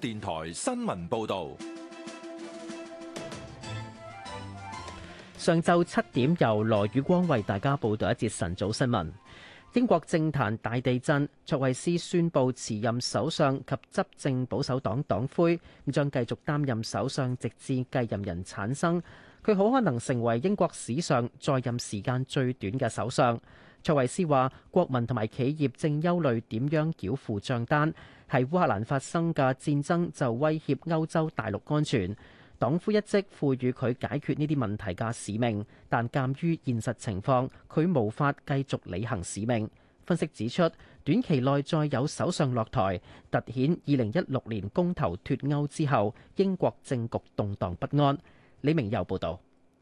電台新聞報道：上晝七點，由羅宇光為大家報道一節晨早新聞。英國政壇大地震，卓慧斯宣布辭任首相及執政保守黨黨魁，咁將繼續擔任首相直至繼任人產生。佢好可能成為英國史上在任時間最短嘅首相。卓慧斯話：國民同埋企業正憂慮點樣繳付賬單。喺烏克蘭發生嘅戰爭就威脅歐洲大陸安全，黨夫一職賦予佢解決呢啲問題嘅使命，但鑒於現實情況，佢無法繼續履行使命。分析指出，短期內再有首相落台，凸顯二零一六年公投脫歐之後英國政局動盪不安。李明佑報道。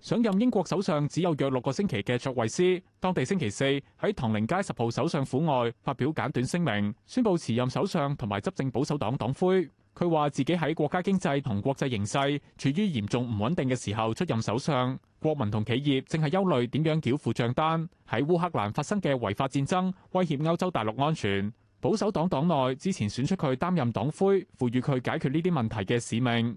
上任英國首相只有約六個星期嘅卓慧斯，當地星期四喺唐寧街十號首相府外發表簡短聲明，宣布辭任首相同埋執政保守黨黨魁。佢話自己喺國家經濟同國際形勢處於嚴重唔穩定嘅時候出任首相，國民同企業正係憂慮點樣繳付帳單。喺烏克蘭發生嘅違法戰爭威脅歐洲大陸安全，保守黨黨內之前選出佢擔任黨魁，賦予佢解決呢啲問題嘅使命。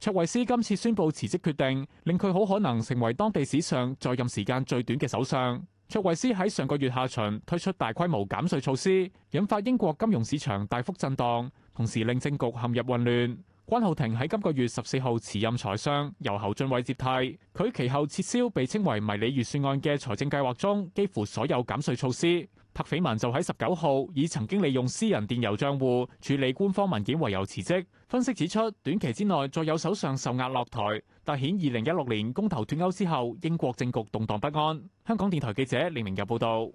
卓慧思今次宣布辭職決定，令佢好可能成為當地史上在任時間最短嘅首相。卓慧思喺上個月下旬推出大規模減稅措施，引發英國金融市場大幅震蕩，同時令政局陷入混亂。關浩庭喺今個月十四號辭任財相，由侯俊偉接替。佢其後撤銷被稱為迷你預算案嘅財政計劃中幾乎所有減稅措施。柏斐文就喺十九號以曾經利用私人電郵帳戶處理官方文件為由辭職。分析指出，短期之內再有首相受壓落台，凸顯二零一六年公投脫歐之後，英國政局動盪不安。香港電台記者李明日報導，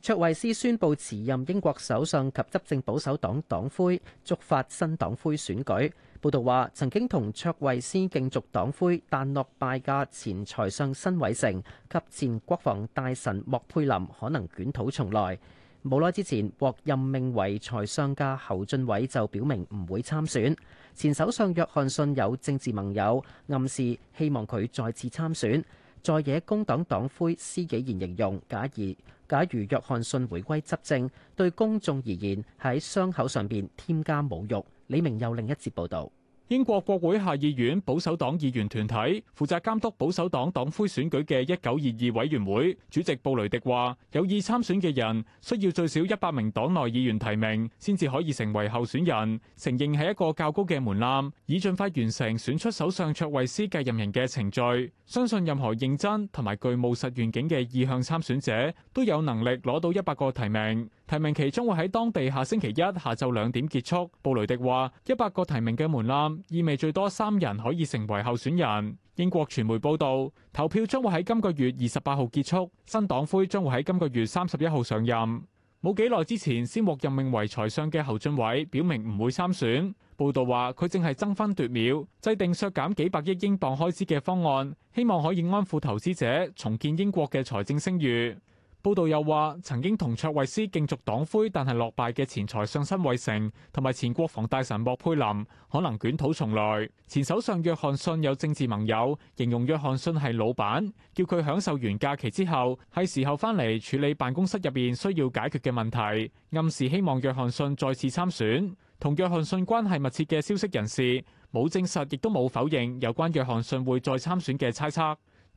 卓慧思宣布辭任英國首相及執政保守黨黨魁，觸發新黨魁選舉。報道話，曾經同卓慧思競逐黨魁但落敗嘅前財相辛偉誠及前國防大臣莫佩琳可能捲土重來。無耐之前獲任命為財相嘅侯俊偉就表明唔會參選。前首相約翰遜有政治盟友暗示希望佢再次參選，在野工黨黨魁施紀賢形容，假如假如約翰遜回歸執政，對公眾而言喺傷口上邊添加侮辱。李明又另一節報導，英國國會下議院保守黨議員團體負責監督保守黨黨魁選舉嘅1922委員會主席布雷迪話：有意參選嘅人需要最少一百名黨內議員提名先至可以成為候選人，承認係一個較高嘅門檻，以盡快完成選出首相卓慧思繼任人嘅程序。相信任何認真同埋具務實願景嘅意向參選者都有能力攞到一百個提名。提名期將會喺當地下星期一下晝兩點結束。布雷迪話：一百個提名嘅門檻，意味最多三人可以成為候選人。英國傳媒報道，投票將會喺今個月二十八號結束，新黨魁將會喺今個月三十一號上任。冇幾耐之前，先獲任命為財相嘅侯俊偉表明唔會參選。報道話佢正係爭分奪秒制定削減幾百億英鎊開支嘅方案，希望可以安撫投資者，重建英國嘅財政聲譽。報道又話，曾經同卓慧斯競逐黨魁但係落敗嘅前財相辛偉誠同埋前國防大臣莫佩林可能捲土重來。前首相約翰遜有政治盟友形容約翰遜係老闆，叫佢享受完假期之後係時候返嚟處理辦公室入面需要解決嘅問題，暗示希望約翰遜再次參選。同約翰遜關係密切嘅消息人士冇證實亦都冇否認有關約翰遜會再參選嘅猜測。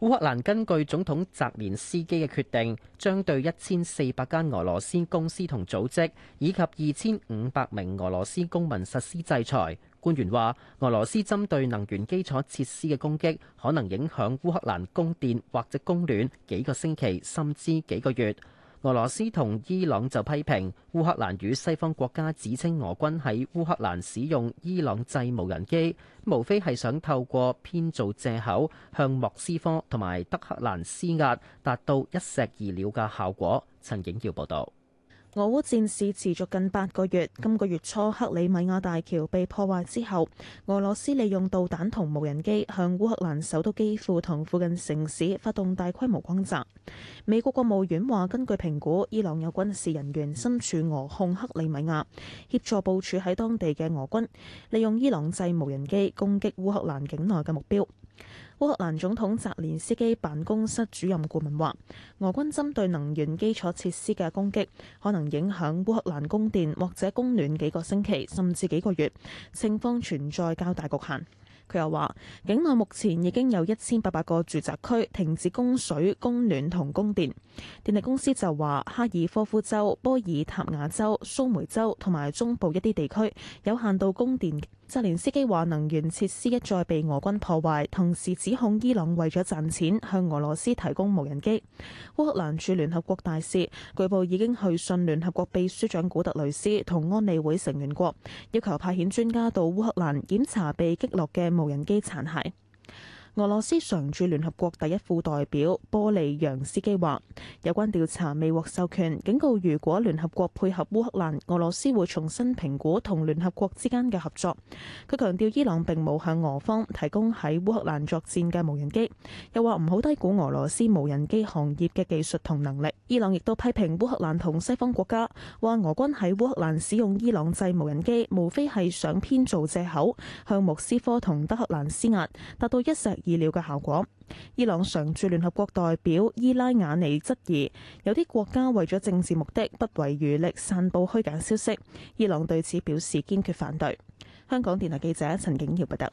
烏克蘭根據總統澤連斯基嘅決定，將對一千四百間俄羅斯公司同組織以及二千五百名俄羅斯公民實施制裁。官員話，俄羅斯針對能源基礎設施嘅攻擊，可能影響烏克蘭供電或者供暖幾個星期，甚至幾個月。俄羅斯同伊朗就批評烏克蘭與西方國家指稱俄軍喺烏克蘭使用伊朗製無人機，無非係想透過編造藉口向莫斯科同埋德克蘭施壓，達到一石二鳥嘅效果。陳景耀報導。俄烏戰事持續近八個月，今個月初克里米亞大橋被破壞之後，俄羅斯利用導彈同無人機向烏克蘭首都基輔同附近城市發動大規模轟炸。美國國務院話，根據評估，伊朗有軍事人員身處俄控克里米亞，協助部署喺當地嘅俄軍，利用伊朗製無人機攻擊烏克蘭境內嘅目標。烏克蘭總統澤連斯基辦公室主任顧問話，俄軍針對能源基礎設施嘅攻擊，可能影響烏克蘭供電或者供暖幾個星期甚至幾個月。勝方存在較大局限。佢又話，境內目前已經有一千八百個住宅區停止供水、供暖同供電。電力公司就話，哈爾科夫州、波爾塔瓦州、蘇梅州同埋中部一啲地區，有限度供電。澤連斯基話：能源設施一再被俄軍破壞，同時指控伊朗為咗賺錢向俄羅斯提供無人機。烏克蘭駐聯合國大使據報已經去信聯合國秘書長古特雷斯同安理會成員國，要求派遣專家到烏克蘭檢查被擊落嘅無人機殘骸。俄羅斯常駐聯合國第一副代表波利揚斯基話：有關調查未獲授權，警告如，如果聯合國配合烏克蘭，俄羅斯會重新評估同聯合國之間嘅合作。佢強調伊朗並冇向俄方提供喺烏克蘭作戰嘅無人機，又話唔好低估俄羅斯無人機行業嘅技術同能力。伊朗亦都批評烏克蘭同西方國家，話俄軍喺烏克蘭使用伊朗製無人機，無非係想編造藉口向莫斯科同德克蘭施壓，達到一石意料嘅效果。伊朗常駐聯合國代表伊拉雅尼質疑，有啲國家為咗政治目的不遺餘力散佈虛假消息。伊朗對此表示堅決反對。香港電台記者陳景耀報道。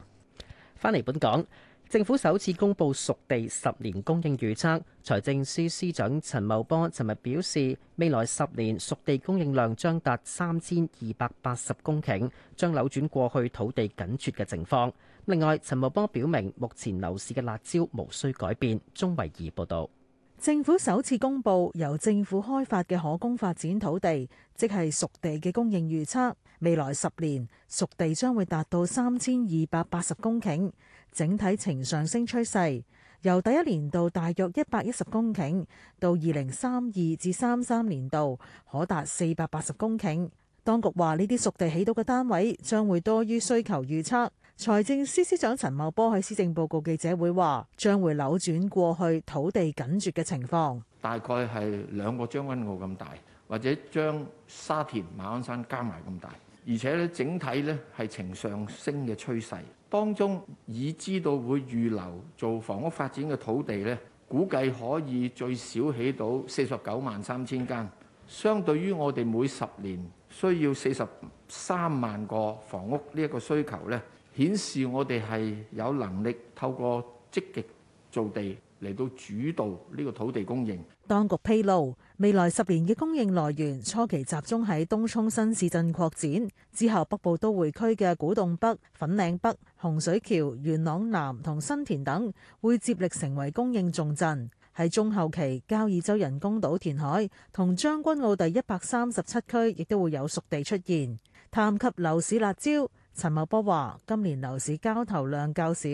翻嚟本港。政府首次公布熟地十年供應預測，財政司司長陳茂波尋日表示，未來十年熟地供應量將達三千二百八十公頃，將扭轉過去土地緊絀嘅情況。另外，陳茂波表明，目前樓市嘅辣招無需改變。鍾維儀報道，政府首次公布由政府開發嘅可供發展土地，即係熟地嘅供應預測，未來十年熟地將會達到三千二百八十公頃。整體呈上升趨勢，由第一年度大約一百一十公頃，到二零三二至三三年度可達四百八十公頃。當局話呢啲熟地起到嘅單位將會多於需求預測，財政司司長陳茂波喺施政報告記者會話，將會扭轉過去土地緊絀嘅情況，大概係兩個將軍澳咁大，或者將沙田馬鞍山加埋咁大。而且咧，整體咧係呈上升嘅趨勢。當中已知道會預留做房屋發展嘅土地咧，估計可以最少起到四十九萬三千間。相對於我哋每十年需要四十三萬個房屋呢一個需求咧，顯示我哋係有能力透過積極造地。嚟到主導呢個土地供應。當局披露未來十年嘅供應來源，初期集中喺東涌新市鎮擴展，之後北部都會區嘅古洞北、粉嶺北、洪水橋、元朗南同新田等會接力成為供應重鎮。喺中後期，交椅洲人工島填海同將軍澳第一百三十七區亦都會有熟地出現。探及樓市辣椒。陳茂波話：今年樓市交投量較少，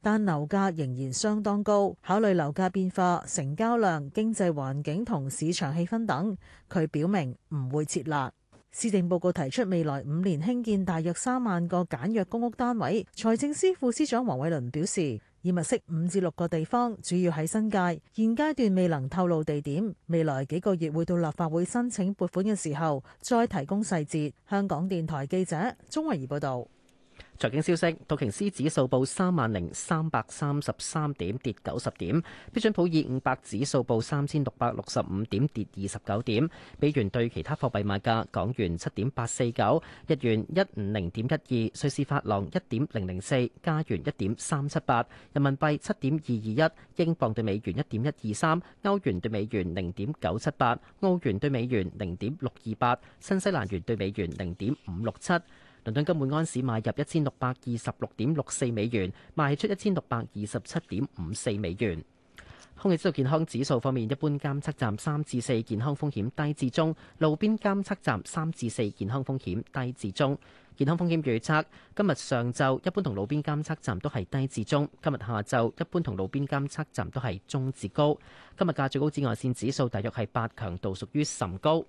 但樓價仍然相當高。考慮樓價變化、成交量、經濟環境同市場氣氛等，佢表明唔會撤辣。施政報告提出未來五年興建大約三萬個簡約公屋單位。財政司副司長黃偉綸表示，已物色五至六個地方，主要喺新界。現階段未能透露地點，未來幾個月會到立法會申請撥款嘅時候再提供細節。香港電台記者鍾慧儀報導。財經消息：道瓊斯指數報三萬零三百三十三點，跌九十點；標準普爾五百指數報三千六百六十五點，跌二十九點。美元對其他貨幣賣價：港元七點八四九，日元一五零點一二，瑞士法郎一點零零四，加元一點三七八，人民幣七點二二一，英鎊對美元一點一二三，歐元對美元零點九七八，澳元對美元零點六二八，新西蘭元對美元零點五六七。倫敦金每安士買入一千六百二十六點六四美元，賣出一千六百二十七點五四美元。空氣質素健康指數方面，一般監測站三至四，健康風險低至中，路邊監測站三至四，健康風險低至中。健康風險預測，今日上晝一般同路邊監測站都係低至中，今日下晝一般同路邊監測站都係中至高。今日嘅最高紫外線指數大約係八強度，屬於甚高。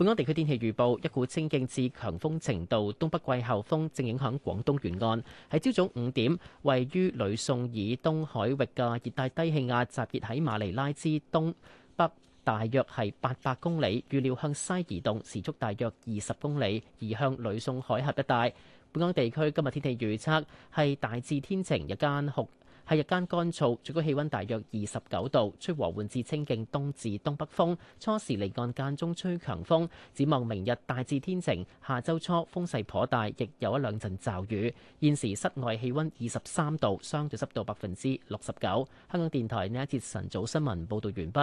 本港地區天氣預報，一股清勁至強風程度東北季候風正影響廣東沿岸。喺朝早五點，位於呂宋以東海域嘅熱帶低氣壓集結喺馬尼拉之東北，大約係八百公里，預料向西移動，時速大約二十公里，移向呂宋海峽一帶。本港地區今日天氣預測係大致天晴，日間酷。係日間乾燥，最高氣溫大約二十九度，吹和緩至清勁東至東北風，初時離岸間中吹強風。展望明日大致天晴，下周初風勢頗大，亦有一兩陣驟雨。現時室外氣溫二十三度，相對濕度百分之六十九。香港電台呢一節晨早新聞報道完畢。